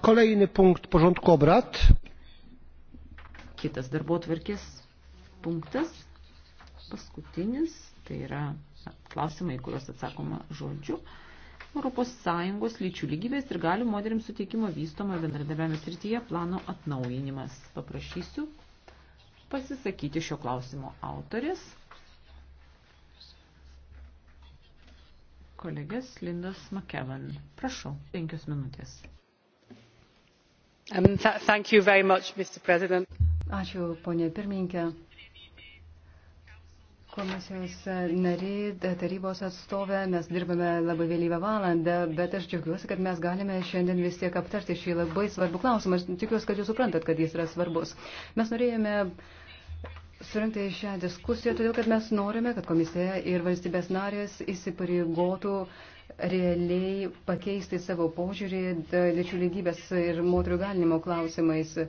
Kolejny punkt porządku obrad. Kitas darbotvarkės punktas, paskutinis, tai yra klausimai, kuriuos atsakoma žodžiu. Europos Sąjungos lyčių lygybės ir galių moteriams suteikimo vystomo bendradarbiavimo srityje plano atnaujinimas. Paprašysiu pasisakyti šio klausimo autorės. kolegės Lindas McKevan. Prašau, penkios minutės. Um, th thank you very much, Mr. President. Ačiū, ponė pirmininkė. Komisijos nariai, tarybos atstovė, mes dirbame labai vėlyvą valandą, bet aš džiaugiuosi, kad mes galime šiandien vis tiek aptarti šį labai svarbų klausimą. Aš tikiuosi, kad jūs suprantat, kad jis yra svarbus. Mes norėjome uh, surinkti šią diskusiją, todėl kad mes norime, kad komisija ir valstybės narės įsipareigotų realiai pakeisti savo požiūrį lyčių lygybės ir moterių galinimo klausimais e,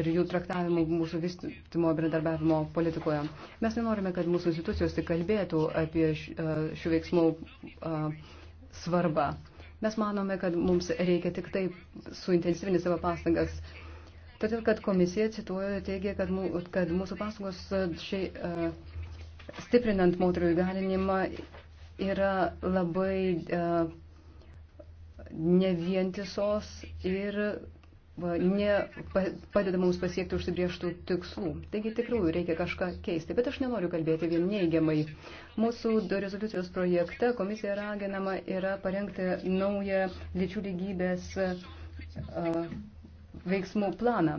ir jų traktavimo mūsų vystymo bendradarbiavimo politikoje. Mes nenorime, kad mūsų institucijos tik kalbėtų apie e, šių veiksmų e, svarbą. Mes manome, kad mums reikia tik taip suintensyvinti savo pastangas Todėl, kad komisija cituoja teigia, kad, mū, kad mūsų paslaugos e, šiai, uh, stiprinant moterų įgalinimą yra labai uh, e, nevientisos ir nepadeda mums pasiekti užsibrieštų tikslų. Taigi tikrųjų reikia kažką keisti, bet aš nenoriu kalbėti vien neigiamai. Mūsų rezoliucijos projekte komisija raginama yra parengti naują lyčių lygybės uh, veiksmų planą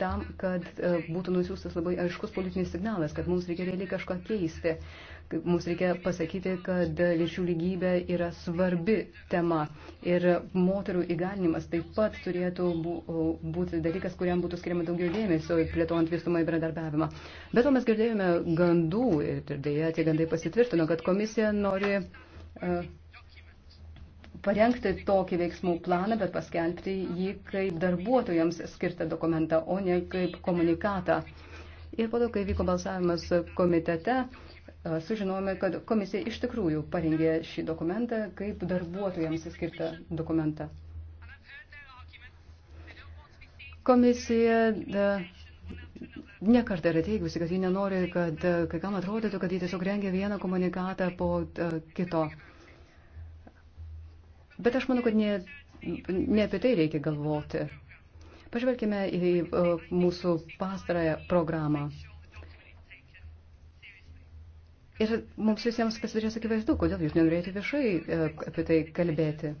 tam, kad e, būtų nusiųstas labai aiškus politinis signalas, kad mums reikia realiai kažką keisti. Mums reikia pasakyti, kad lyčių lygybė yra svarbi tema ir moterų įgalinimas taip pat turėtų būti dalykas, kuriam būtų skiriama daugiau dėmesio plėtojant visumą į bendradarbiavimą. Bet to mes girdėjome gandų ir dėja tie gandai pasitvirtino, kad komisija nori. Uh, parengti tokį veiksmų planą, bet paskelbti jį kaip darbuotojams skirtą dokumentą, o ne kaip komunikatą. Ir po to, kai vyko balsavimas komitete, sužinojome, kad komisija iš tikrųjų parengė šį dokumentą kaip darbuotojams skirtą dokumentą. Komisija da, Nekartą yra teigusi, kad ji nenori, kad kai kam atrodytų, kad ji tiesiog rengia vieną komunikatą po kito. Bet aš manau, kad ne, ne apie tai reikia galvoti. Pažvelkime į e, mūsų pastarąją programą. Ir mums visiems pasidarės akivaizdu, kodėl jūs nenorėjote viešai e, apie tai kalbėti.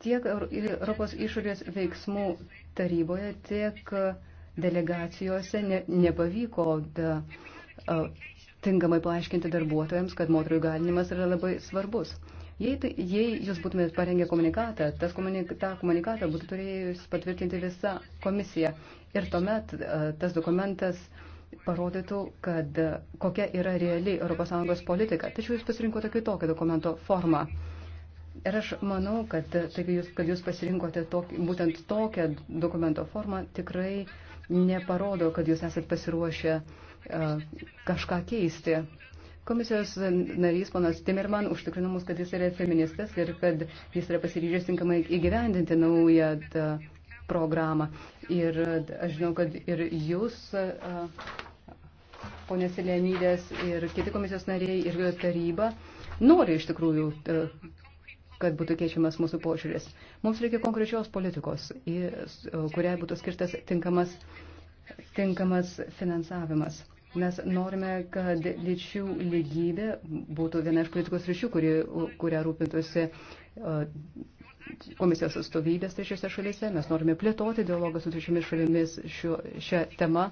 Tiek Europos išorės veiksmų taryboje, tiek delegacijose ne, nepavyko da, a, e, tinkamai paaiškinti darbuotojams, kad moterų įgalinimas yra labai svarbus. Jei, tai, jei jūs būtumėte parengę komunikatą, tas komunika, tą komunikatą būtų turėjus patvirtinti visa komisija. Ir tuomet e, tas dokumentas parodytų, kad e, kokia yra reali ES politika. Tačiau jūs pasirinkote kitokią dokumento formą. Ir aš manau, kad, e, taigi, jūs, kad jūs pasirinkote tokį, būtent tokią dokumento formą, tikrai neparodo, kad jūs esat pasiruošę uh, E, kažką keisti. Komisijos narys ponas Timirman užtikrino mus, kad jis yra feministas ir kad jis yra pasiryžęs tinkamai įgyvendinti naują e, programą. Ir e, aš žinau, kad ir jūs, ponės Lenydės, ir kiti komisijos nariai, ir taryba nori iš tikrųjų, kad būtų keičiamas mūsų požiūris. Mums reikia konkrečios politikos, kuriai būtų skirtas tinkamas tinkamas finansavimas. Mes norime, kad lyčių lygybė būtų viena iš politikos ryšių, kuri, kurią rūpintųsi e, komisijos atstovybės trečiose šalyse. Mes norime plėtoti dialogą su trečiomis šalimis šio, šią temą.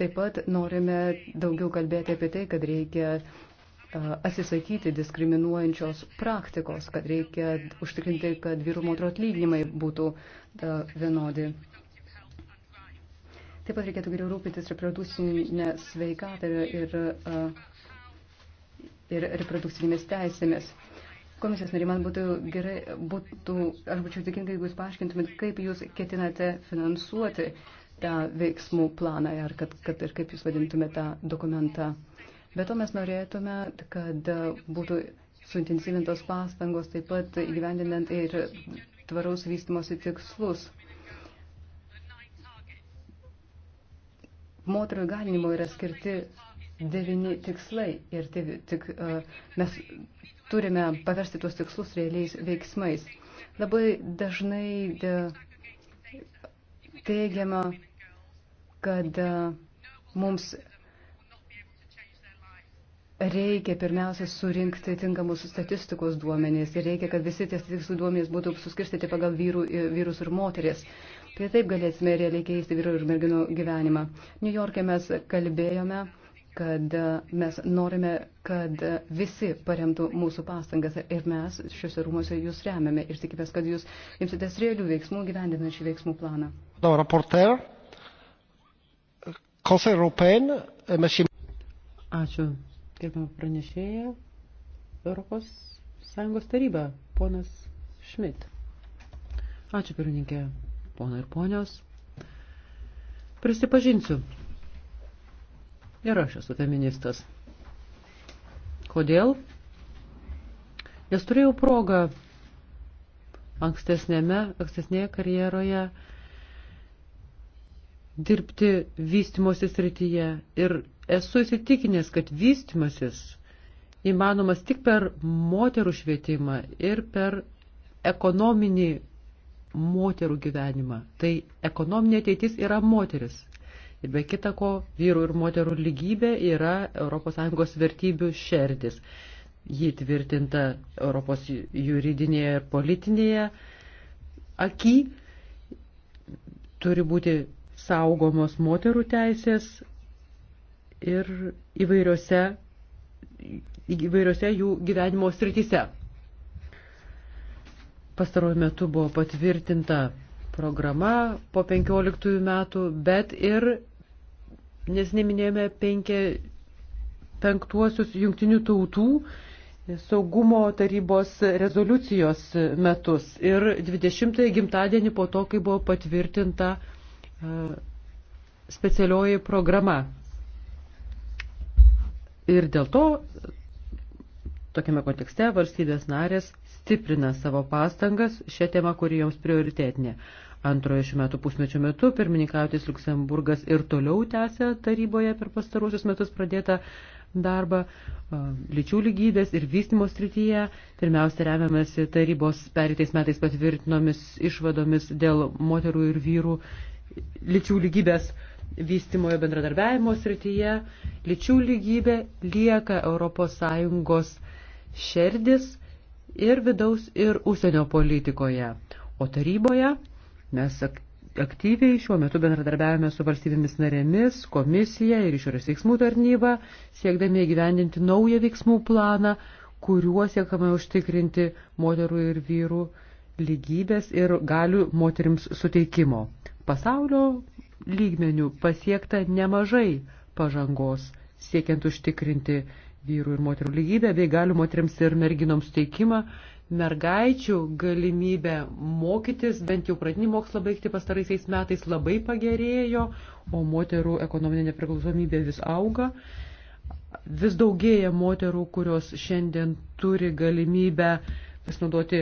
Taip pat norime daugiau kalbėti apie tai, kad reikia e, atsisakyti diskriminuojančios praktikos, kad reikia užtikrinti, kad vyrų moterų atlyginimai būtų e, vienodi. Taip pat reikėtų geriau rūpintis reprodukcinę sveikatą ir, ir, ir reprodukcinėmis teisėmis. Komisijos nariai, man būtų gerai, būtų, aš būčiau dėkinga, jeigu jūs paaiškintumėt, kaip jūs ketinate finansuoti tą veiksmų planą ir, kad, kad, ir kaip jūs vadintumėte tą dokumentą. Be to mes norėtume, kad būtų suintensyvintos pastangos taip pat įgyvendinant ir tvaraus vystimosi tikslus. moterų įgalinimo yra skirti devini tikslai ir tai, tik, e, mes turime paversti tuos tikslus realiais veiksmais. Labai dažnai de, teigiama, kad e, mums Reikia pirmiausia surinkti tinkamus statistikos duomenys ir reikia, kad visi tie statistikos duomenys būtų suskirstyti pagal vyrų, vyrus ir moteris. Tai taip galėsime realiai keisti vyrų ir merginų gyvenimą. New York'e mes kalbėjome, kad e, mes norime, kad e, visi paremtų mūsų pastangas ir mes šiuose rūmose jūs remiame ir tikimės, kad jūs imsitės realių veiksmų gyvendinant šį veiksmų planą. No, Ačiū. Gerbama pranešėja, Europos Sąjungos taryba, ponas Šmit. Ačiū, pirmininkė, pono ir ponios. Prisipažinsiu, ir aš esu feministas. Kodėl? Nes turėjau progą ankstesnėme, ankstesnėje karjeroje dirbti vystimosi srityje ir Esu įsitikinęs, kad vystimasis įmanomas tik per moterų švietimą ir per ekonominį moterų gyvenimą. Tai ekonominė ateitis yra moteris. Ir be kita ko, vyrų ir moterų lygybė yra ES vertybių šerdis. Ji tvirtinta Europos juridinėje ir politinėje aky, turi būti saugomos moterų teisės, ir įvairiose, įvairiose jų gyvenimo srityse. Pastaruoju metu buvo patvirtinta programa po 15 metų, bet ir, nes neminėjome, penkia, penktuosius jungtinių tautų saugumo tarybos rezoliucijos metus ir 20-ąjį gimtadienį po to, kai buvo patvirtinta e, specialioji programa Ir dėl to tokiame kontekste valstybės narės stiprina savo pastangas šią temą, kuri joms prioritetinė. Antrojo šių metų pusmečio metu pirmininkautis Luksemburgas ir toliau tęsia taryboje per pastarusius metus pradėtą darbą lyčių lygybės ir vystimo srityje. Pirmiausia, remiamasi tarybos perėtais metais patvirtinomis išvadomis dėl moterų ir vyrų lyčių lygybės uh, vystimojo bendradarbiavimo srityje, lyčių lygybė lieka ES šerdis ir vidaus ir užsienio politikoje. O taryboje mes aktyviai šiuo metu bendradarbiavame su valstybėmis narėmis, komisija ir išorės veiksmų tarnyba, siekdami įgyvendinti naują veiksmų planą, kuriuo siekame užtikrinti moterų ir vyrų lygybės ir galių moterims suteikimo. Pasaulio lygmenių pasiekta nemažai pažangos, siekiant užtikrinti vyrų ir moterų lygybę, bei galių moteriams ir merginoms teikimą, mergaičių galimybę mokytis, bent jau pradinį mokslą baigti pastaraisiais metais labai pagerėjo, o moterų ekonominė nepriklausomybė vis auga. Vis daugėja moterų, kurios šiandien turi galimybę pasinaudoti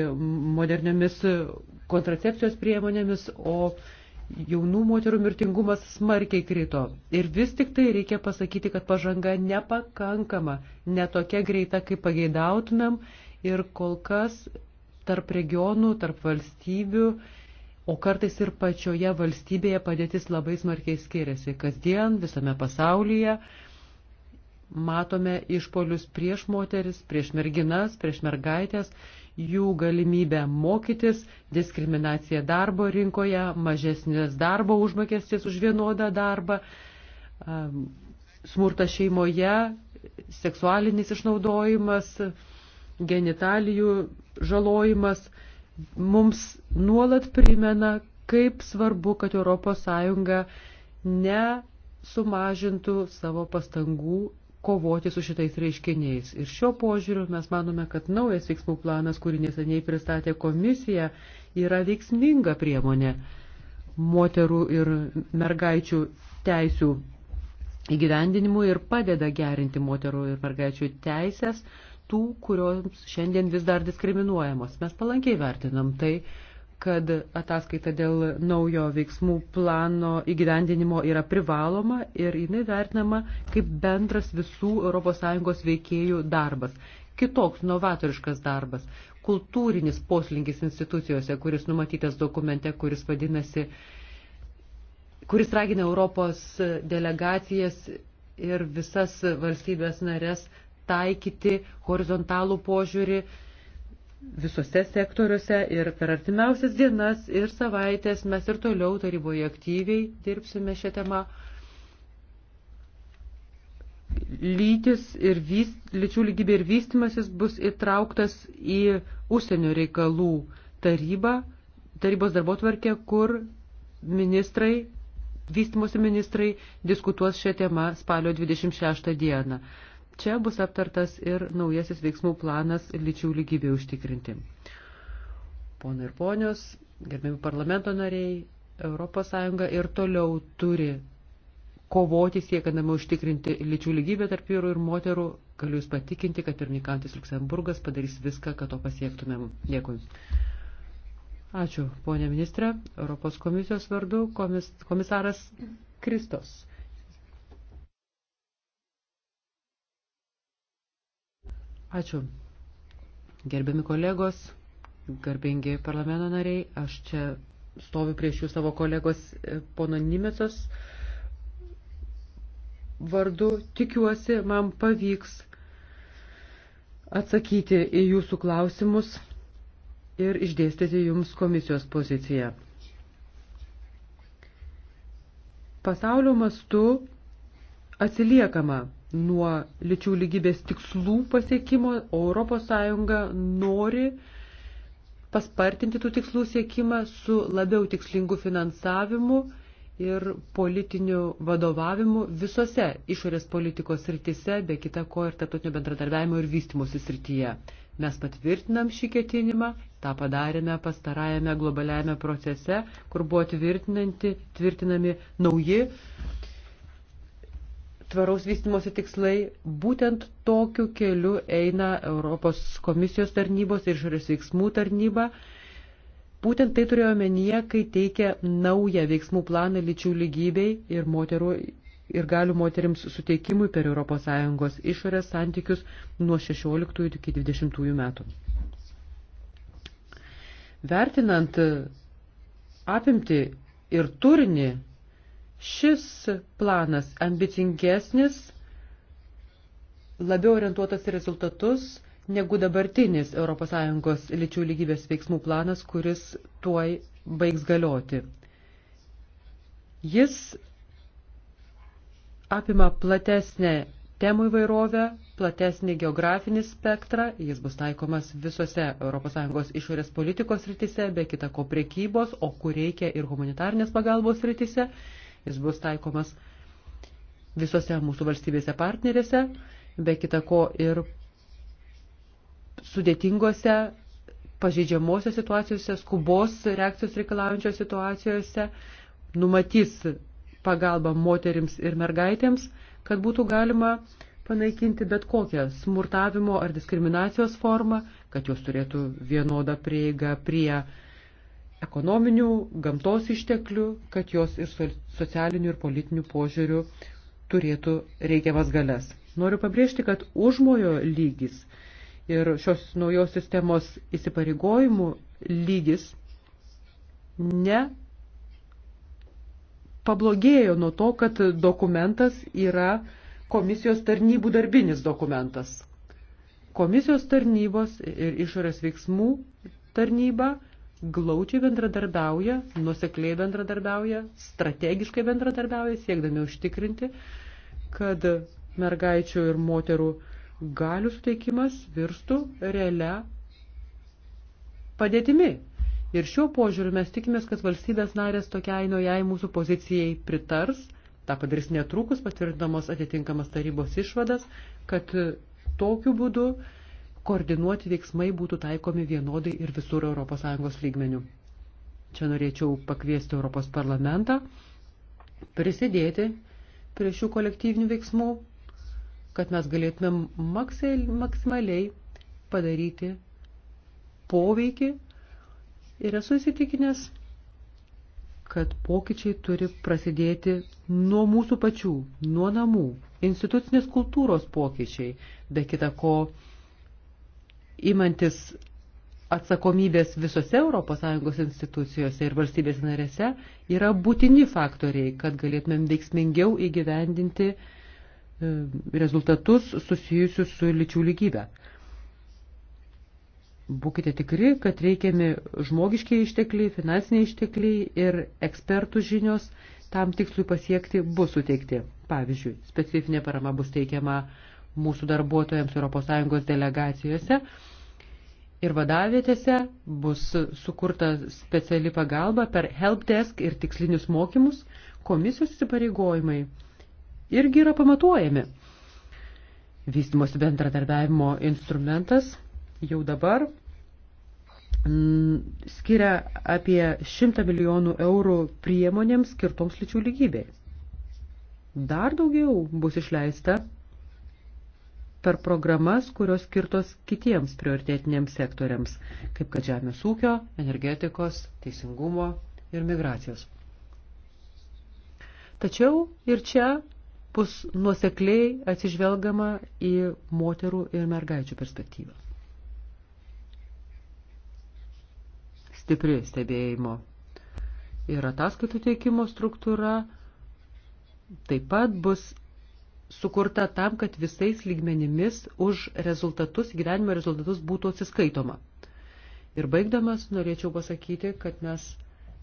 moderniomis kontracepcijos priemonėmis, o jaunų moterų mirtingumas smarkiai krito. Ir vis tik tai reikia pasakyti, kad pažanga nepakankama, netokia greita, kaip pageidautumėm ir kol kas tarp regionų, tarp valstybių, o kartais ir pačioje valstybėje padėtis labai smarkiai skiriasi. Kasdien visame pasaulyje matome išpolius prieš moteris, prieš merginas, prieš mergaitės jų galimybę mokytis, diskriminacija darbo rinkoje, mažesnės darbo užmokestis už vienodą darbą, smurtas šeimoje, seksualinis išnaudojimas, genitalijų žalojimas mums nuolat primena, kaip svarbu, kad ES nesumažintų savo pastangų kovoti su šitais reiškiniais. Ir šio požiūriu mes manome, kad naujas veiksmų planas, kurį neseniai pristatė komisija, yra veiksminga priemonė moterų ir mergaičių teisių įgyvendinimu ir padeda gerinti moterų ir mergaičių teisės tų, kurioms šiandien vis dar diskriminuojamos. Mes palankiai vertinam tai, kad ataskaita dėl naujo veiksmų plano įgyvendinimo yra privaloma ir jinai vertinama kaip bendras visų ES veikėjų darbas. Kitoks novatoriškas darbas, kultūrinis poslinkis institucijose, kuris numatytas dokumente, kuris vadinasi, kuris ragina Europos delegacijas ir visas valstybės narės taikyti horizontalų požiūrį visose sektoriuose ir per artimiausias dienas ir savaitės mes ir toliau taryboje aktyviai dirbsime šią temą. Lytis ir vyst, lyčių lygybė ir vystimasis bus įtrauktas į užsienio reikalų tarybą, tarybos darbotvarkę, kur ministrai, vystimosi ministrai diskutuos šią temą spalio 26 dieną. Čia bus aptartas ir naujasis veiksmų planas lyčių lygybė užtikrinti. Pona ir ponios, gerbėmi parlamento nariai, ES ir toliau turi kovoti siekandama užtikrinti lyčių lygybę tarp vyrų ir moterų. Galiu Jūs patikinti, kad pirmininkantis Luksemburgas padarys viską, kad to pasiektumėm. Dėkui. Ačiū, ponė ministrė. Europos komisijos vardu komis, komisaras Kristos. Ačiū. Gerbiami kolegos, garbingi parlamento nariai, aš čia stoviu prieš jų savo kolegos e, pono Nimecos vardu. Tikiuosi, man pavyks atsakyti į jūsų klausimus ir išdėstyti jums komisijos poziciją. Pasaulio mastu atsiliekama nuo lyčių lygybės tikslų pasiekimo, o ES nori paspartinti tų tikslų siekimą su labiau tikslingu finansavimu ir politiniu vadovavimu visose išorės politikos srityse, be kita ko ir tarptautinio bendradarbiavimo ir vystimosi srityje. Mes patvirtinam šį ketinimą, tą padarėme pastarajame globaliajame procese, kur buvo tvirtinami nauji tvaraus vystimosi tikslai, būtent tokiu keliu eina Europos komisijos tarnybos ir išorės veiksmų tarnyba. Būtent tai turėjo omenyje, kai teikia naują veiksmų planą lyčių lygybei ir, moterų, ir galių moterims suteikimui per ES išorės santykius nuo 16 iki 20 metų. Vertinant apimti ir turinį Šis planas ambicingesnis, labiau orientuotas į rezultatus negu dabartinis ES lyčių lygybės veiksmų planas, kuris tuoj baigs galioti. Jis apima platesnę temų įvairovę, platesnį geografinį spektrą, jis bus taikomas visose ES išorės politikos rytise, be kita ko priekybos, o kur reikia ir humanitarnės pagalbos rytise. Jis bus taikomas visose mūsų valstybėse partnerėse, be kita ko ir sudėtingose, pažeidžiamosios situacijose, skubos reakcijos reikalaujančios situacijose, numatys pagalbą moterims ir mergaitėms, kad būtų galima panaikinti bet kokią smurtavimo ar diskriminacijos formą, kad jos turėtų vienodą prieigą prie ekonominių, gamtos išteklių, kad jos ir socialinių ir politinių požiūrių turėtų reikiamas galės. Noriu pabrėžti, kad užmojo lygis ir šios naujos sistemos įsipareigojimų lygis ne pablogėjo nuo to, kad dokumentas yra komisijos tarnybų darbinis dokumentas. Komisijos tarnybos ir išorės veiksmų tarnyba glaučiai bendradarbiauja, nusekliai bendradarbiauja, strategiškai bendradarbiauja, siekdami užtikrinti, kad mergaičių ir moterų galių suteikimas virstų realia padėtimi. Ir šiuo požiūriu mes tikimės, kad valstybės narės tokiai naujai mūsų pozicijai pritars, tą padarys netrukus patvirtindamos atitinkamas tarybos išvadas, kad tokiu būdu koordinuoti veiksmai būtų taikomi vienodai ir visur ES lygmenių. Čia norėčiau pakviesti Europos parlamentą prisidėti prie šių kolektyvinių veiksmų, kad mes galėtumėm maksimaliai padaryti poveikį ir esu įsitikinęs, kad pokyčiai turi prasidėti nuo mūsų pačių, nuo namų, institucinės kultūros pokyčiai, be kita ko imantis atsakomybės visose ES institucijose ir valstybės narėse yra būtini faktoriai, kad galėtumėm veiksmingiau įgyvendinti e, rezultatus susijusius su lyčių lygybė. Būkite tikri, kad reikiami žmogiškiai ištekliai, finansiniai ištekliai ir ekspertų žinios tam tikslui pasiekti bus suteikti. Pavyzdžiui, specifinė parama bus teikiama uh, mūsų darbuotojams ES delegacijose ir vadavietėse bus sukurta speciali pagalba per helpdesk ir tikslinius mokymus, komisijos įsipareigojimai irgi yra pamatuojami. Vystimosi bendradarbiavimo instrumentas jau dabar mm, skiria apie 100 milijonų eurų priemonėms skirtoms lyčių lygybei. Dar daugiau bus išleista per programas, kurios skirtos kitiems prioritetiniams sektoriams, kaip kad žemės ūkio, energetikos, teisingumo ir migracijos. Tačiau ir čia bus nuosekliai atsižvelgama į moterų ir mergaičių perspektyvą. Stipri stebėjimo ir ataskaitų teikimo struktūra taip pat bus sukurta tam, kad visais lygmenimis už rezultatus, gyvenimo rezultatus būtų atsiskaitoma. Ir baigdamas norėčiau pasakyti, kad mes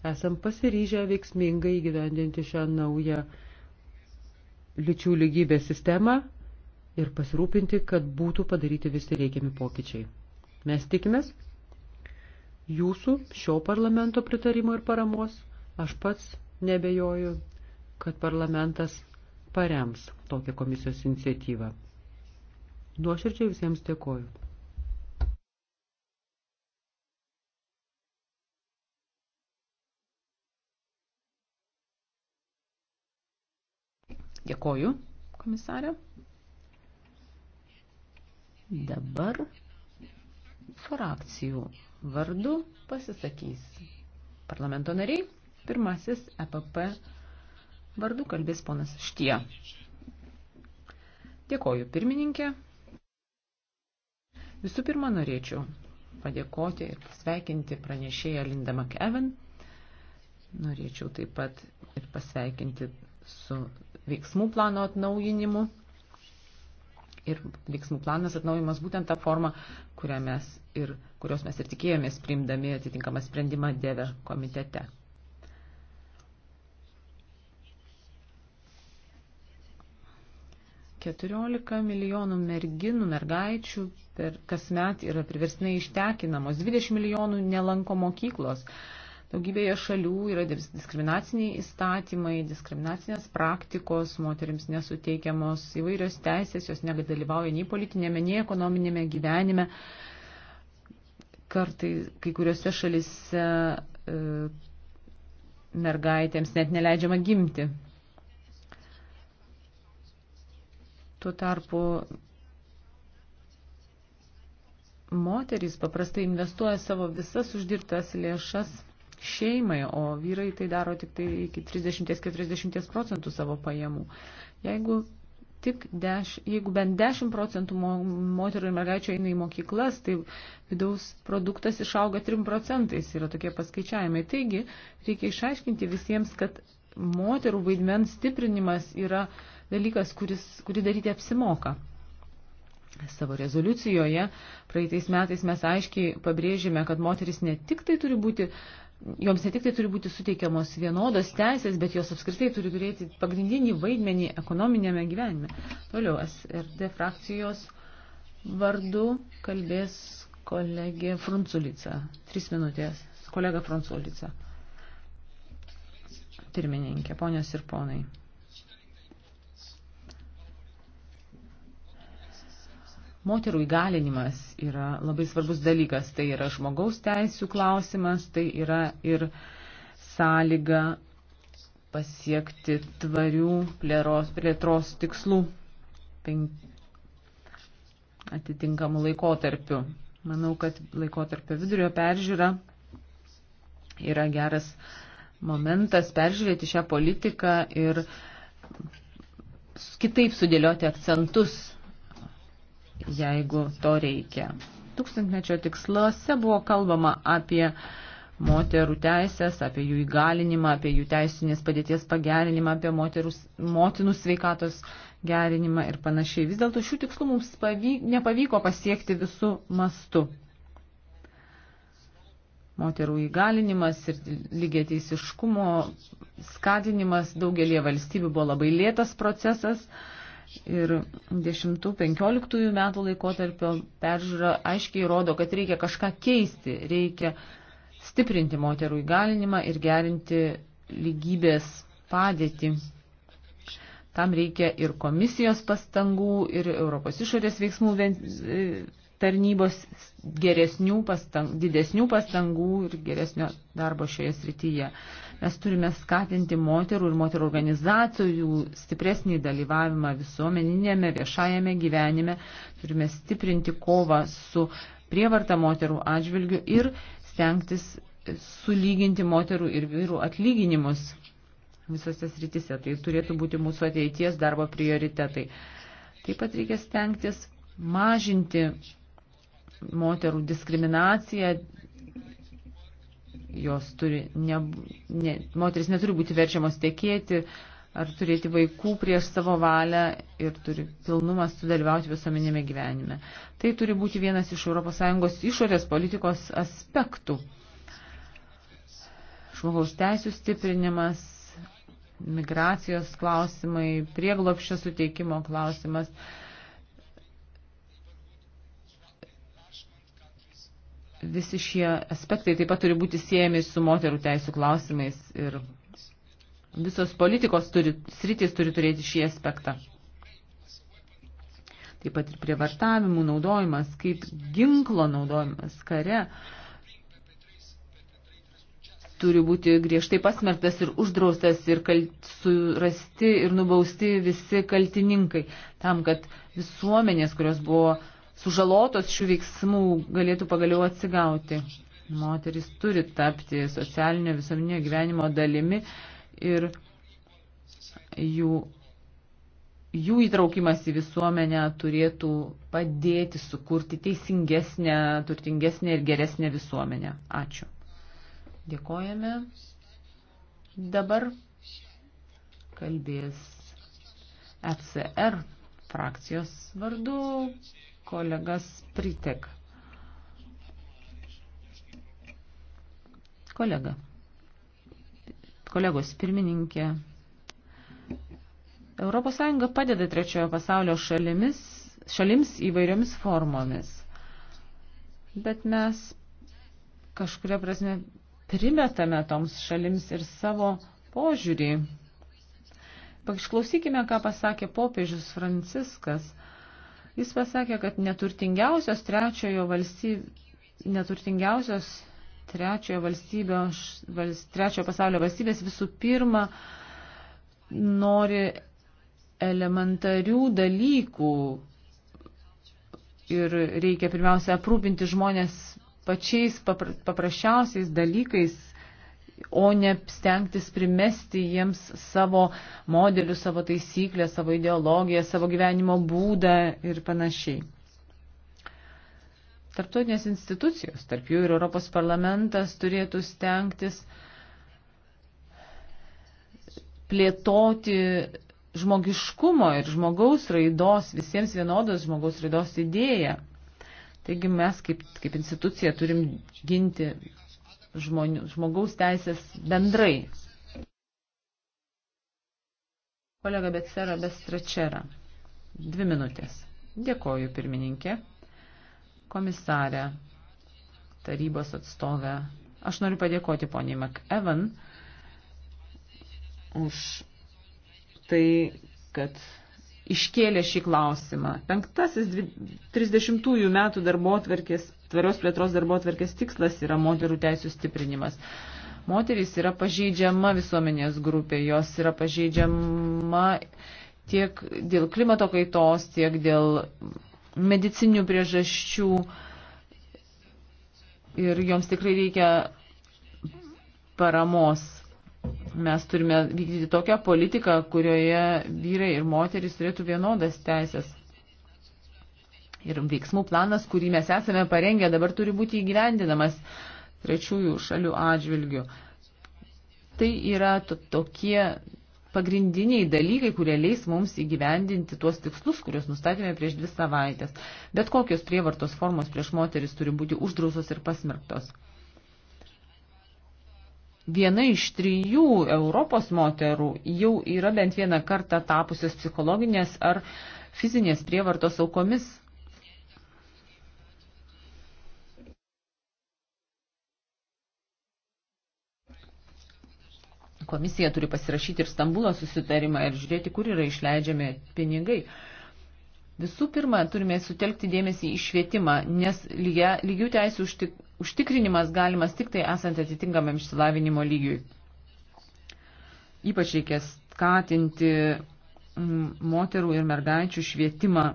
esam pasiryžę veiksmingai gyvendinti šią naują lyčių lygybės sistemą ir pasirūpinti, kad būtų padaryti visi reikiami pokyčiai. Mes tikimės jūsų šio parlamento pritarimo ir paramos. Aš pats nebejoju, kad parlamentas parems tokią komisijos iniciatyvą. Nuoširdžiai visiems dėkoju. Dėkoju, komisarė. Dabar frakcijų vardu pasisakys parlamento nariai. Pirmasis EPP vardu kalbės ponas Štie. Dėkoju pirmininkė. Visų pirma, norėčiau padėkoti ir pasveikinti pranešėją Linda McEwen. Norėčiau taip pat ir pasveikinti su veiksmų plano atnaujinimu. Ir veiksmų planas atnaujimas būtent tą formą, kurią mes ir, kurios mes ir tikėjomės priimdami atitinkamą sprendimą dėvę komitete. 14 milijonų merginų, mergaičių per kasmet yra priverstinai ištekinamos, 20 milijonų nelanko mokyklos. Daugybėje šalių yra diskriminaciniai įstatymai, diskriminacinės praktikos, moteriams nesuteikiamos įvairios teisės, jos nedalyvauja nei politinėme, nei ekonominėme gyvenime. Kartai kai kuriuose šalise e, mergaitėms net neleidžiama gimti. Tuo tarpu moterys paprastai investuoja savo visas uždirbtas lėšas šeimai, o vyrai tai daro tik tai iki 30-40 procentų savo pajamų. Jeigu, tik deš, jeigu bent 10 procentų moterų ir mergaičių eina į mokyklas, tai vidaus produktas išauga 3 procentais, yra tokie paskaičiavimai. Taigi, reikia išaiškinti visiems, kad moterų vaidmens stiprinimas yra uh, dalykas, kuris, kurį daryti apsimoka. Savo rezoliucijoje praeitais metais mes aiškiai pabrėžėme, kad moteris ne tik tai turi būti, joms ne tik tai turi būti suteikiamos vienodos teisės, bet jos apskritai turi turėti pagrindinį vaidmenį ekonominėme gyvenime. Toliau SRD frakcijos vardu kalbės kolegė Frunculica. Tris minutės. Kolega Frunculica. Pirmininkė, ponios ir ponai. Moterų įgalinimas yra labai svarbus dalykas. Tai yra žmogaus teisų klausimas, tai yra ir sąlyga pasiekti tvarių plėros, plėtros tikslų penk... atitinkamų laikotarpių. Manau, kad laikotarpio vidurio peržiūra yra geras momentas peržiūrėti šią politiką ir kitaip sudėlioti akcentus jeigu to reikia. Tūkstantmečio tikslose buvo kalbama apie moterų teisės, apie jų įgalinimą, apie jų teisinės padėties pagerinimą, apie moterų, motinų sveikatos gerinimą ir panašiai. Vis dėlto šių tikslų mums pavyk, nepavyko pasiekti visų mastų. Moterų įgalinimas ir lygiai teisiškumo skatinimas daugelie valstybių buvo labai lėtas procesas. Uh, ir 10-15 metų laikotarpio peržiūra aiškiai rodo, kad reikia kažką keisti, reikia stiprinti moterų įgalinimą ir gerinti lygybės padėtį. Tam reikia ir komisijos pastangų, ir Europos išorės veiksmų tarnybos geresnių pastangų, didesnių pastangų ir geresnio darbo šioje srityje. Mes turime skatinti moterų ir moterų organizacijų stipresnį dalyvavimą visuomeninėme, viešajame gyvenime. Turime stiprinti kovą su prievarta moterų atžvilgiu ir stengtis sulyginti moterų ir vyrų atlyginimus visose srityse. Tai turėtų būti mūsų ateities darbo prioritetai. Taip pat reikia stengtis mažinti moterų diskriminacija, jos turi, ne, ne, moteris neturi būti verčiamos tekėti ar turėti vaikų prieš savo valią ir turi pilnumas sudalyvauti visuomenėme gyvenime. Tai turi būti vienas iš ES išorės politikos aspektų. Žmogaus teisų stiprinimas, migracijos klausimai, prieglopščio suteikimo klausimas. Uh, visi šie aspektai taip pat turi būti siejami su moterų teisų klausimais ir visos politikos turi, sritys turi turėti šį aspektą. Taip pat ir prievartavimų naudojimas, kaip ginklo naudojimas kare turi būti griežtai pasmerktas ir uždraustas ir kal... surasti ir nubausti visi kaltininkai, tam, kad visuomenės, kurios buvo uh, sužalotos šių veiksmų galėtų pagaliau atsigauti. Moteris turi tapti socialinio visuomenio gyvenimo dalimi ir jų, jų įtraukimas į visuomenę turėtų padėti sukurti teisingesnę, turtingesnę ir geresnę visuomenę. Ačiū. Dėkojame. Dabar kalbės FCR frakcijos vardu kolegas Pritek. Kolega. Kolegos pirmininkė. ES padeda trečiojo pasaulio šalimis, šalims įvairiomis formomis. Bet mes kažkuria prasme primetame toms šalims ir savo požiūrį. Paklausykime, ką pasakė popiežius Franciskas – Jis pasakė, kad neturtingiausios trečiojo valstybės, neturtingiausios trečiojo, valstybė, vals, trečiojo pasaulio valstybės visų pirma nori elementarių dalykų ir reikia pirmiausia aprūpinti žmonės pačiais paprasčiausiais dalykais o ne stengtis primesti jiems savo modelių, savo taisyklę, savo ideologiją, savo gyvenimo būdą ir panašiai. Tarptautinės institucijos, tarp jų ir Europos parlamentas, turėtų stengtis plėtoti žmogiškumo ir žmogaus raidos, visiems vienodos žmogaus raidos idėją. Taigi mes kaip, kaip institucija turim ginti žmonių, žmogaus teisės bendrai. Kolega Betsera Bestračera. Dvi minutės. Dėkoju, pirmininkė, komisarė, tarybos atstovė. Aš noriu padėkoti poniai McEvan už tai, kad iškėlė šį klausimą. Penktasis 30-ųjų metų darbo atverkės, tvarios plėtros darbo atverkės tikslas yra moterų teisų stiprinimas. Moterys yra pažeidžiama visuomenės grupė, jos yra pažeidžiama tiek dėl klimato kaitos, tiek dėl medicinių priežasčių ir joms tikrai reikia paramos Mes turime vykdyti tokią politiką, kurioje vyrai ir moteris turėtų vienodas teisės. Ir veiksmų planas, kurį mes esame parengę, dabar turi būti įgyvendinamas trečiųjų šalių atžvilgių. Tai yra to, tokie pagrindiniai dalykai, kurie leis mums įgyvendinti tuos tikslus, kuriuos nustatėme prieš dvi savaitės. Bet kokios prievartos formos prieš moteris turi būti uždrausos ir pasmerktos viena iš trijų Europos moterų jau yra bent vieną kartą tapusios psichologinės ar fizinės prievartos aukomis. Komisija turi pasirašyti ir Stambulo susitarimą ir žiūrėti, kur yra išleidžiami pinigai. Visų pirma, turime sutelkti dėmesį į švietimą, nes lygia, lygių teisų užtik, užtikrinimas galimas tik tai esant atitinkamam išsilavinimo lygiui. Ypač reikia skatinti mm, moterų ir mergaičių švietimą.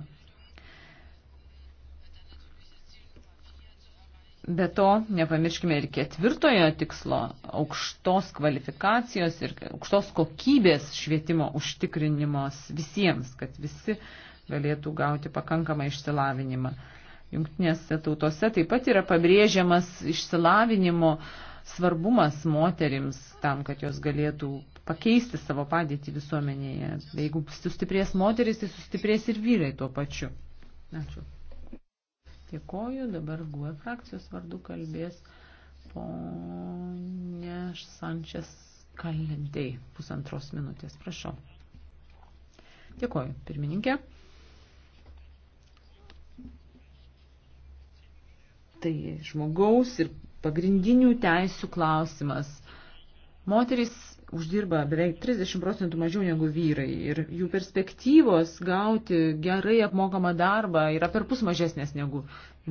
Be to, nepamirškime ir ketvirtojo tikslo - aukštos kvalifikacijos ir aukštos kokybės švietimo užtikrinimos visiems, kad visi galėtų gauti pakankamą išsilavinimą. Junktinėse tautose taip pat yra pabrėžiamas išsilavinimo svarbumas moterims tam, kad jos galėtų pakeisti savo padėtį visuomenėje. Jeigu sustiprės moteris, tai sustiprės ir vyrai tuo pačiu. Ačiū. Dėkoju, dabar GUE frakcijos vardu kalbės ponė Sančias Kalendei. Pusantros minutės, prašau. Dėkoju, pirmininkė. Tai žmogaus ir pagrindinių teisų klausimas. Moterys uždirba beveik 30 procentų mažiau negu vyrai ir jų perspektyvos gauti gerai apmokamą darbą yra per pus mažesnės negu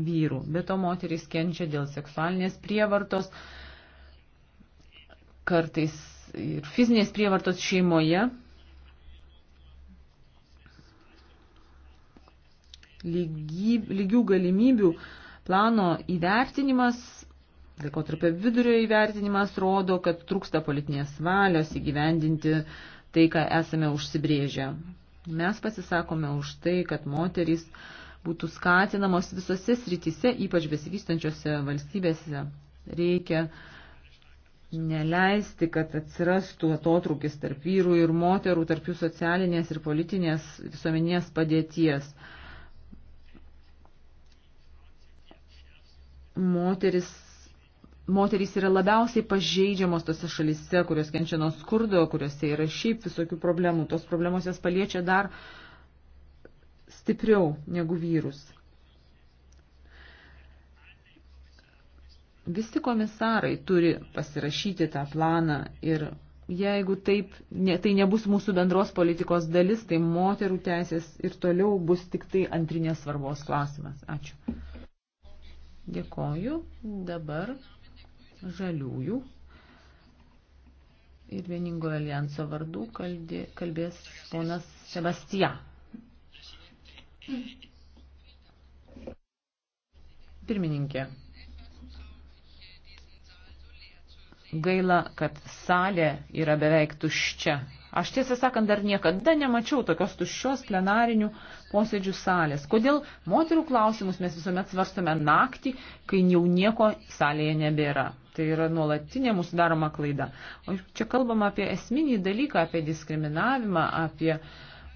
vyrų. Be to moterys kenčia dėl seksualinės prievartos, kartais ir fizinės prievartos šeimoje. Lygy, lygių galimybių uh, Plano įvertinimas, laikotarpio vidurio įvertinimas rodo, kad trūksta politinės valios įgyvendinti tai, ką esame užsibrėžę. Mes pasisakome už tai, kad moterys būtų skatinamos visose srityse, ypač besivystančiose valstybėse. Reikia neleisti, kad atsirastų atotrukis tarp vyrų ir moterų, tarp jų socialinės ir politinės visuomenės padėties. moteris moterys yra labiausiai pažeidžiamos tose šalise, kurios kenčia nuo skurdo, kuriuose yra šiaip visokių problemų. Tos problemos jas paliečia dar stipriau negu vyrus. Visi komisarai turi pasirašyti tą planą ir jeigu taip, ne, tai nebus mūsų bendros politikos dalis, tai moterų teisės ir toliau bus tik tai antrinės svarbos klausimas. Ačiū. Dėkoju. Dabar žaliųjų ir vieningo alijanso vardų kalbė, kalbės ponas Sebastija. Pirmininkė. Gaila, kad salė yra beveik tuščia. Aš tiesą sakant, dar niekada nemačiau tokios tuščios plenarinių uh, posėdžių salės. Kodėl moterų klausimus mes visuomet svarstome naktį, kai jau nieko salėje nebėra. Tai yra nuolatinė mūsų daroma klaida. O čia kalbama apie esminį dalyką, apie diskriminavimą, apie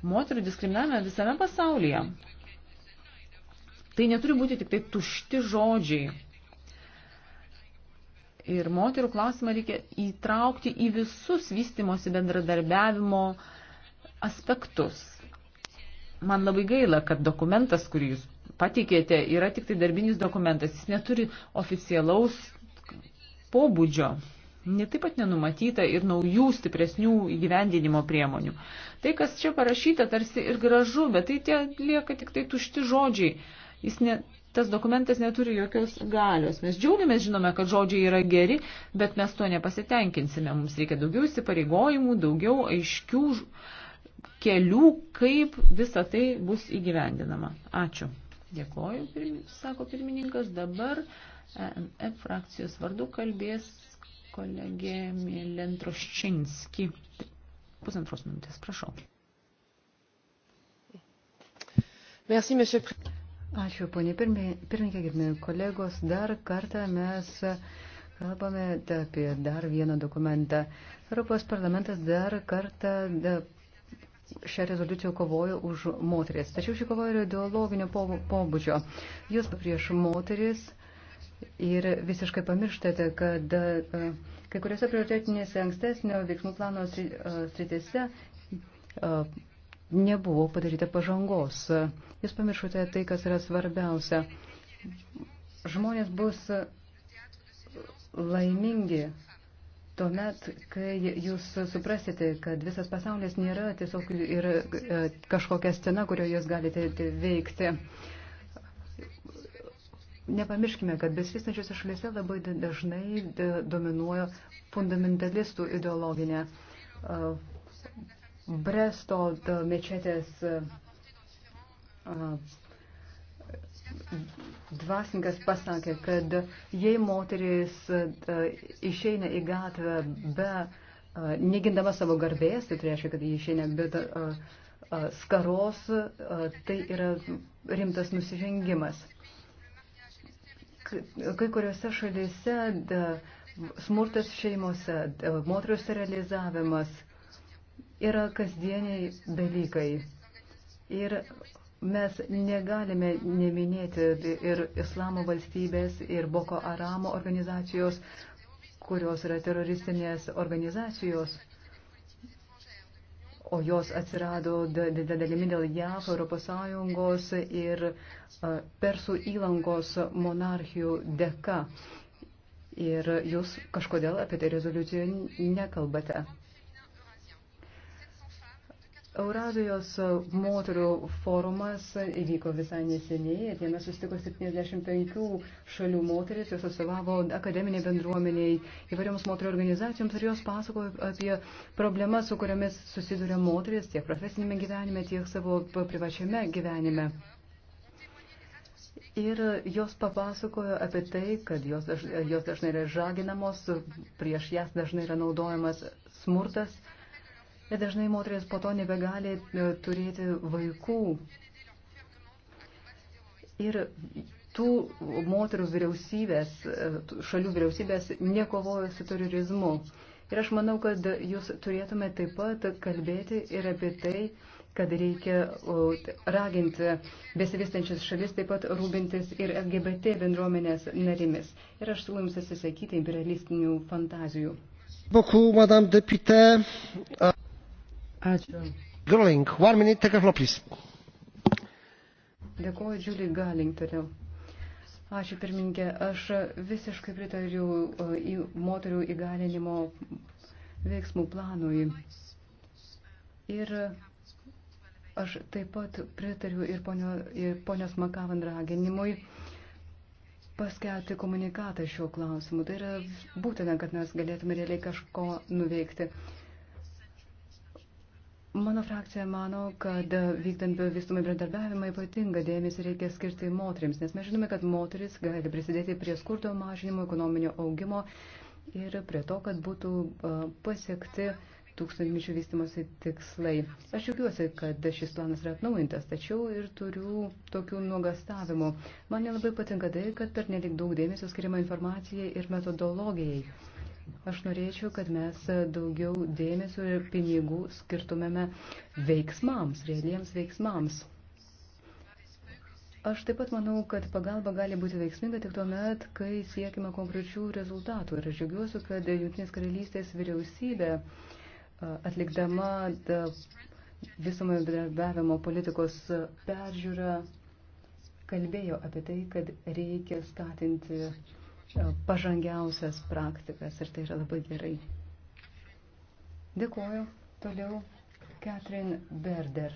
moterų diskriminavimą visame pasaulyje. Tai neturi būti tik tai tušti žodžiai. Ir moterų klausimą reikia įtraukti į visus vystimosi bendradarbiavimo aspektus man labai gaila, kad dokumentas, kurį jūs pateikėte, yra tik tai darbinis dokumentas. Jis neturi oficialaus pobūdžio. Ne taip pat nenumatyta ir naujų stipresnių įgyvendinimo priemonių. Tai, kas čia parašyta, tarsi ir gražu, bet tai tie lieka tik tai tušti žodžiai. Jis ne, tas dokumentas neturi jokios galios. Mes džiaugiamės, žinome, kad žodžiai yra geri, bet mes to nepasitenkinsime. Mums reikia daugiau įsipareigojimų, daugiau aiškių žodžių kelių, kaip visa tai bus įgyvendinama. Ačiū. Dėkoju, pirmin, sako pirmininkas. Dabar ENF frakcijos vardu kalbės kolegė Milen Troščinski. Pusantros minutės, prašau. Merci, monsieur. Ačiū, ponė pirmininkė, gerbimi kolegos. Dar kartą mes kalbame apie dar vieną dokumentą. Europos parlamentas dar kartą šią rezoliuciją kovoja už moteris. Tačiau ši kova yra ideologinio pobūdžio. Jūs prieš moteris ir visiškai pamirštate, kad e, kai kuriuose prioritetinėse ankstesnio veiksmų plano e, sritėse e, nebuvo padaryta pažangos. Jūs pamiršote tai, kas yra svarbiausia. Žmonės bus laimingi Tuomet, kai jūs suprasite, kad visas pasaulis nėra tiesiog ir e, kažkokia scena, kurioje jūs galite veikti. Nepamirškime, kad besivystančiose šalyse labai dažnai dominuoja fundamentalistų ideologinė. E, Bresto e, mečetės dvasininkas pasakė, kad jei moteris e, išeina į gatvę be, e, negindama savo garbės, tai reiškia, kad jie išeina be e, skaros, tai yra rimtas nusižengimas. Kai kuriuose šalyse smurtas šeimose, moterio sterilizavimas yra kasdieniai dalykai. Ir Mes negalime neminėti ir Islamo valstybės, ir Boko Aramo organizacijos, kurios yra teroristinės organizacijos, o jos atsirado dalimi dėl JAV, ES ir Persų įlankos monarchijų dėka. Ir jūs kažkodėl apie tai rezoliuciją nekalbate. Eurazijos moterų forumas įvyko visai neseniai ir jame sustiko 75 šalių moteris, jos atstovavo akademinė bendruomeniai įvairioms moterų organizacijoms ir jos pasakojo apie problemas, su kuriamis susiduria moteris tiek profesinėme gyvenime, tiek savo privačiame gyvenime. Ir jos papasakojo apie tai, kad jos, daž, jos dažnai yra žaginamos, prieš jas dažnai yra naudojamas smurtas. Ir dažnai moteris po to nebegali e, turėti vaikų. Ir tų moterų vyriausybės, e, šalių vyriausybės nekovoja su terorizmu. Ir aš manau, kad jūs turėtume taip pat kalbėti ir apie tai, kad reikia raginti besivystančias šalis taip pat rūpintis ir LGBT bendruomenės narimis. Ir aš siūlau jums atsisakyti imperialistinių fantazijų. Beaucoup, Madame Depite. Ačiū. Girling, one minute, take a floor, please. Dėkuoju, Džiulį Galing, toliau. Ačiū, pirmininkė. Aš visiškai pritariu e, į moterių įgalinimo veiksmų planui. Ir aš taip pat pritariu ir, ponio, ir ponios Makavan raginimui paskelbti komunikatą šiuo klausimu. Tai yra būtina, kad mes galėtume realiai kažko nuveikti. Mano frakcija mano, kad vykdant vystumai bendradarbiavimą ypatingą dėmesį reikia skirti moteriams, nes mes žinome, kad moteris gali prisidėti prie skurdo mažinimo, ekonominio augimo ir prie to, kad būtų pasiekti tūkstantmečių vystimosi tikslai. Aš džiaugiuosi, kad šis planas yra atnaujintas, tačiau ir turiu tokių nuogastavimų. Man nelabai patinka tai, kad per nelik daug dėmesio skiriama informacijai ir metodologijai. Aš norėčiau, kad mes daugiau dėmesio ir pinigų skirtumėme veiksmams, realiems veiksmams. Aš taip pat manau, kad pagalba gali būti veiksminga tik tuo met, kai siekime konkrečių rezultatų. Ir aš džiaugiuosi, kad Junktinės karalystės vyriausybė atlikdama visumo bendradarbiavimo politikos peržiūrą kalbėjo apie tai, kad reikia skatinti E, pažangiausias praktikas ir tai yra labai gerai. Dėkuoju. Toliau Katrin Berder.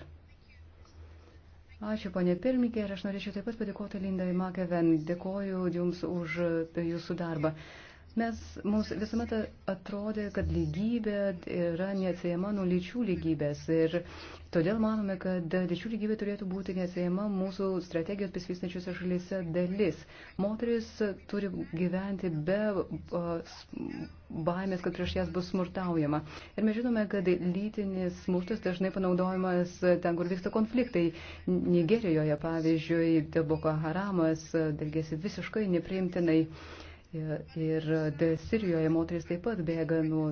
Ačiū, ponė pirmininkė, ir aš norėčiau taip pat padėkoti Lindai Makeven. Dėkoju Jums už Jūsų darbą. Mes, mums visuomet atrodė, kad lygybė yra neatsiejama nuo lyčių lygybės ir todėl manome, kad lyčių lygybė turėtų būti neatsiejama mūsų strategijos besivystančiose šalyse dalis. Moteris turi gyventi be baimės, kad prieš jas bus smurtaujama. Ir mes žinome, kad lytinis smurtas dažnai panaudojamas ten, kur vyksta konfliktai. Nigerijoje, pavyzdžiui, Boko Haramas elgėsi visiškai nepriimtinai. Uh, Ir e, Sirijoje moteris taip pat bėga nuo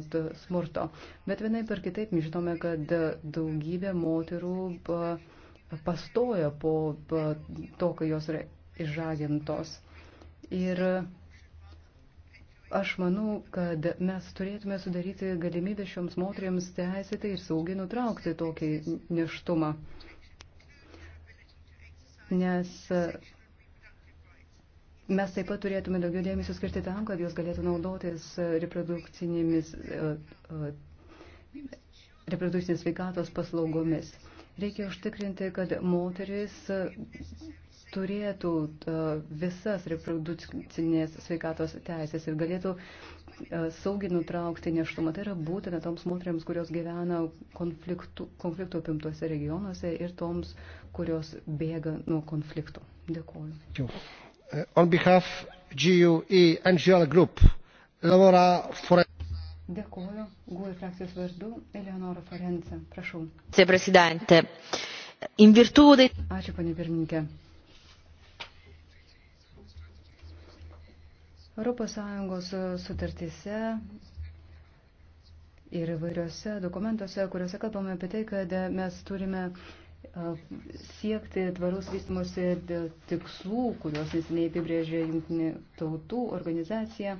smurto. Bet vienai per kitaip žinome, kad daugybė moterų e, pastojo po to, kai jos yra išžagintos. Ir aš manau, kad mes turėtume sudaryti galimybę šioms moteriams teisėtai ir saugiai nutraukti tokį neštumą. Nes Mes taip pat turėtume daugiau dėmesio skirti tam, kad jos galėtų naudotis e, reprodukcinėmis, e, e, reprodukcinės sveikatos paslaugomis. Reikia užtikrinti, kad moteris turėtų visas reprodukcinės sveikatos teisės ir galėtų saugiai nutraukti neštumą. Tai yra būtina toms moteriams, kurios gyvena konfliktų, konfliktų apimtuose regionuose ir toms, kurios bėga nuo konfliktų. Dėkuoju. Jau. Eh, on behalf GUE NGL Group, Laura Forenza. Dėkuoju. GUE frakcijos vardu Eleonora Forenza. Prašau. Ačiū, panė pirmininkė. ES sutartyse ir įvairiuose dokumentuose, kuriuose kalbame apie tai, kad mes turime uh, siekti tvaraus vystimuose tikslų, kuriuos nesiniai apibrėžė Junktinė tautų organizacija,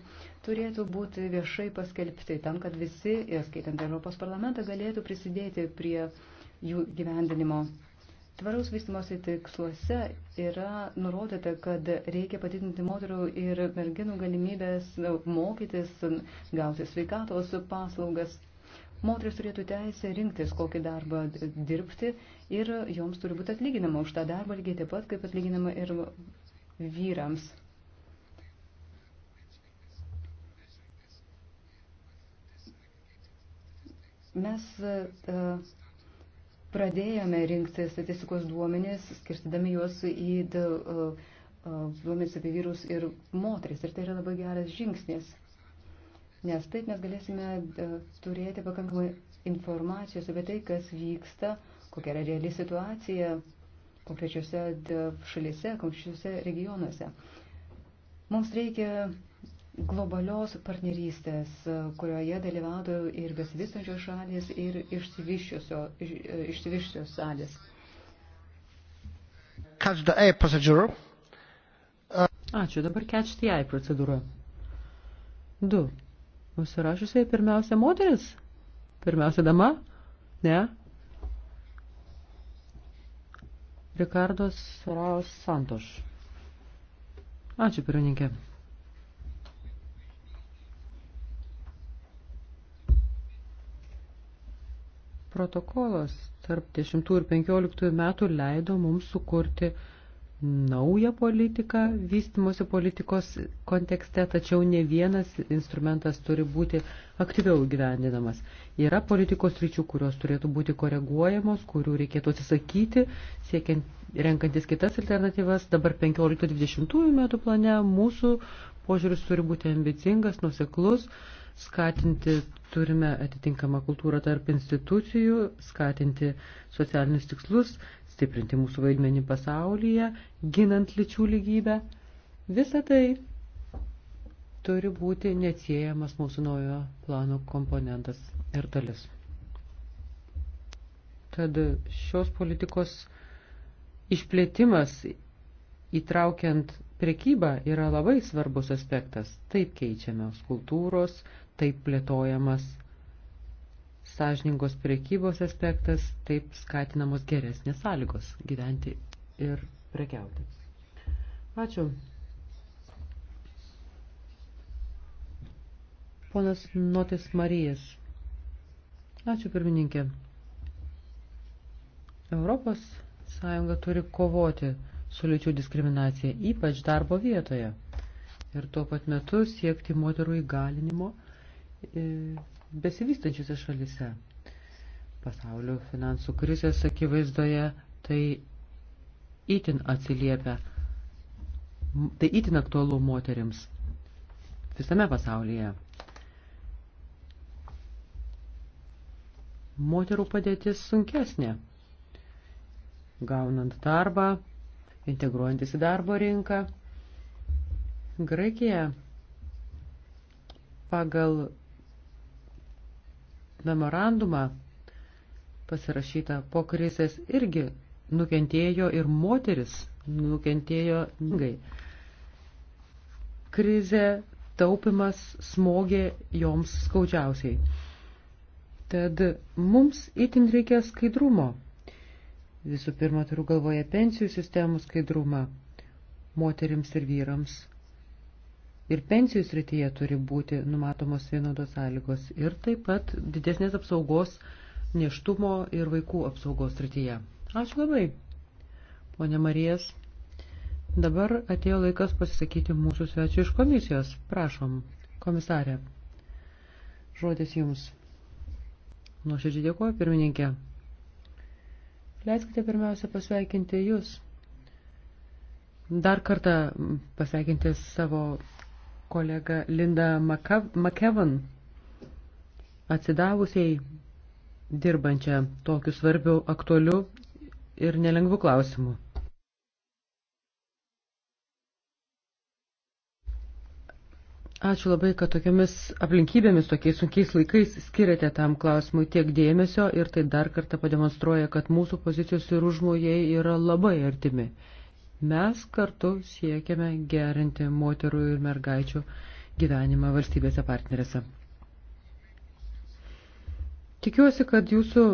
turėtų būti viešai paskelbti tam, kad visi, skaitant Europos parlamentą, galėtų prisidėti prie jų gyvendinimo. Tvaraus vystimosi tiksluose yra nurodyta, kad reikia padidinti moterų ir merginų galimybės mokytis, gauti sveikatos paslaugas Moteris turėtų teisę rinktis, kokį darbą dirbti ir joms turi būti atlyginama už tą darbą lygiai taip pat, kaip atlyginama ir vyrams. Mes e, pradėjome rinkti statistikos duomenės, skirstydami juos į e, e, duomenys apie vyrus ir moteris. Ir tai yra labai geras žingsnis nes taip mes galėsime e, turėti pakankamai informacijos apie tai, kas vyksta, kokia yra reali situacija konkrečiose e, šalyse, konkrečiose regionuose. Mums reikia globalios partnerystės, e, kurioje dalyvautų ir besivystančios šalis, ir išsivyščios šalis. Catch the eye procedure. Ačiū, dabar catch the eye procedūra. Du Užsirašusiai pirmiausia moteris? Pirmiausia dama? Ne? Rikardos Raos Santoš. Ačiū, pirmininkė. Protokolas tarp 10 ir 15 metų leido mums sukurti naują politiką vystimosi politikos kontekste, tačiau ne vienas instrumentas turi būti aktyviau gyvendinamas. Yra politikos ryčių, kurios turėtų būti koreguojamos, kurių reikėtų atsisakyti, siekiant renkantis kitas alternatyvas. Dabar 15-20 metų plane mūsų požiūris turi būti ambicingas, nuseklus, skatinti turime atitinkamą kultūrą tarp institucijų, skatinti socialinius tikslus, stiprinti mūsų vaidmenį pasaulyje, ginant lyčių lygybę. Visa tai turi būti neatsiejamas mūsų naujo plano komponentas ir dalis. Tad šios politikos išplėtimas įtraukiant prekybą yra labai svarbus aspektas. Taip keičiamos kultūros, taip plėtojamas sąžiningos priekybos aspektas, taip skatinamos geresnės sąlygos gyventi ir prekiauti. Ačiū. Ponas Notis Marijas. Ačiū pirmininkė. Europos Sąjunga turi kovoti su lyčių diskriminacija, ypač darbo vietoje. Ir tuo pat metu siekti moterų įgalinimo e, besivystančiose šalise. Pasaulio finansų krizės akivaizdoje tai įtin atsiliepia, tai įtin aktualu moterims visame pasaulyje. Moterų padėtis sunkesnė. Gaunant darbą, integruojantis į darbo rinką, Graikija pagal memorandumą pasirašytą po krizės irgi nukentėjo ir moteris, nukentėjo ningai. Krizė taupimas smogė joms skaudžiausiai. Tad mums itin reikia skaidrumo. Visų pirma, turiu galvoje pensijų sistemų skaidrumą moterims ir vyrams ir pensijų srityje turi būti numatomos vienodos sąlygos ir taip pat didesnės apsaugos neštumo ir vaikų apsaugos srityje. Ačiū labai, ponė Marijas. Dabar atėjo laikas pasisakyti mūsų svečių iš komisijos. Prašom, komisarė. Žodis jums. Nuoširdžiai dėkuoju, pirmininkė. Leiskite pirmiausia pasveikinti jūs dar kartą pasveikinti savo kolega Linda McKevin, atsidavusiai dirbančią tokiu svarbiu, aktualiu ir nelengvu klausimu. Ačiū labai, kad tokiamis aplinkybėmis, tokiais sunkiais laikais skiriate tam klausimui tiek dėmesio ir tai dar kartą pademonstruoja, kad mūsų pozicijos ir užmojai yra labai artimi. Mes kartu siekiame gerinti moterų ir mergaičių gyvenimą valstybėse partnerėse. Tikiuosi, kad jūsų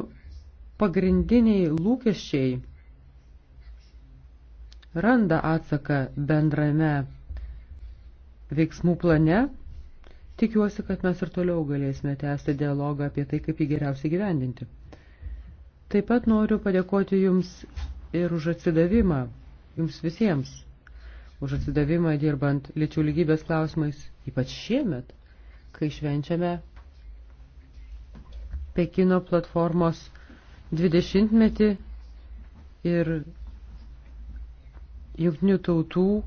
pagrindiniai lūkesčiai randa atsaką bendrame veiksmų plane. Tikiuosi, kad mes ir toliau galėsime tęsti dialogą apie tai, kaip jį geriausiai gyvendinti. Taip pat noriu padėkoti Jums ir už atsidavimą jums visiems už atsidavimą dirbant lyčių lygybės klausimais, ypač šiemet, kai švenčiame Pekino platformos 20-metį ir jungtinių tautų e,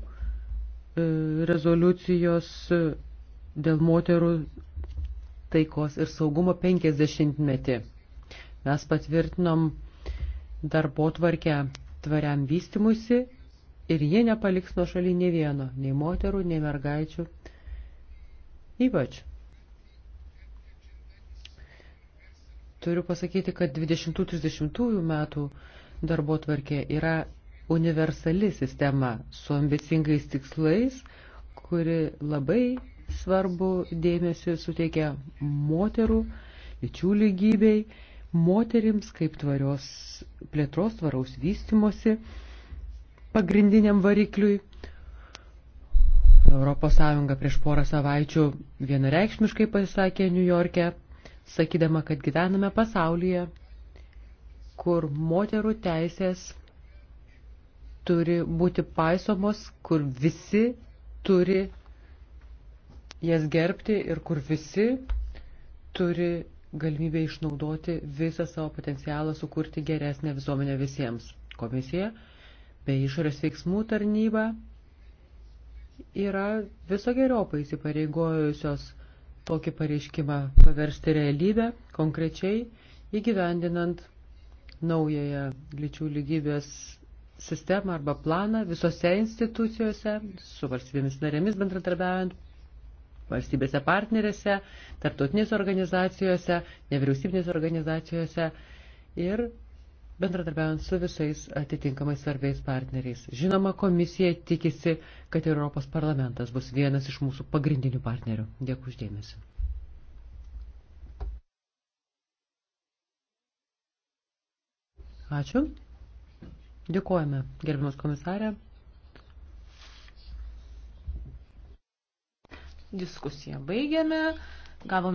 rezoliucijos e, dėl moterų taikos ir saugumo 50-metį. Mes patvirtinom darbo tvarkę tvariam vystimusi ir jie nepaliks nuo šaly nei vieno, nei moterų, nei mergaičių. Ypač. Turiu pasakyti, kad 20-30 metų darbo tvarkė yra universali sistema su ambicingais tikslais, kuri labai svarbu dėmesį suteikia moterų, lyčių lygybei, moterims kaip tvarios plėtros, tvaraus vystimosi pagrindiniam varikliui. ES prieš porą savaičių vienareikšmiškai pasisakė New York'e, sakydama, kad gyvename pasaulyje, kur moterų teisės turi būti paisomos, kur visi turi jas gerbti ir kur visi turi galimybę išnaudoti visą savo potencialą sukurti geresnę visuomenę visiems. Komisija bei išorės veiksmų tarnyba yra viso geriopai įsipareigojusios tokį pareiškimą paversti realybę, konkrečiai įgyvendinant naująją lyčių lygybės sistemą arba planą visose institucijose, su valstybėmis narėmis bendradarbiaujant, valstybėse partnerėse, tarptautinėse organizacijose, nevyriausybinėse organizacijose ir bendradarbiaujant su visais atitinkamais svarbiais partneriais. Žinoma, komisija tikisi, kad Europos parlamentas bus vienas iš mūsų pagrindinių partnerių. Dėkui uždėmesi. Ačiū. Dėkojame, gerbimas komisarė. Diskusiją baigiame. Gavome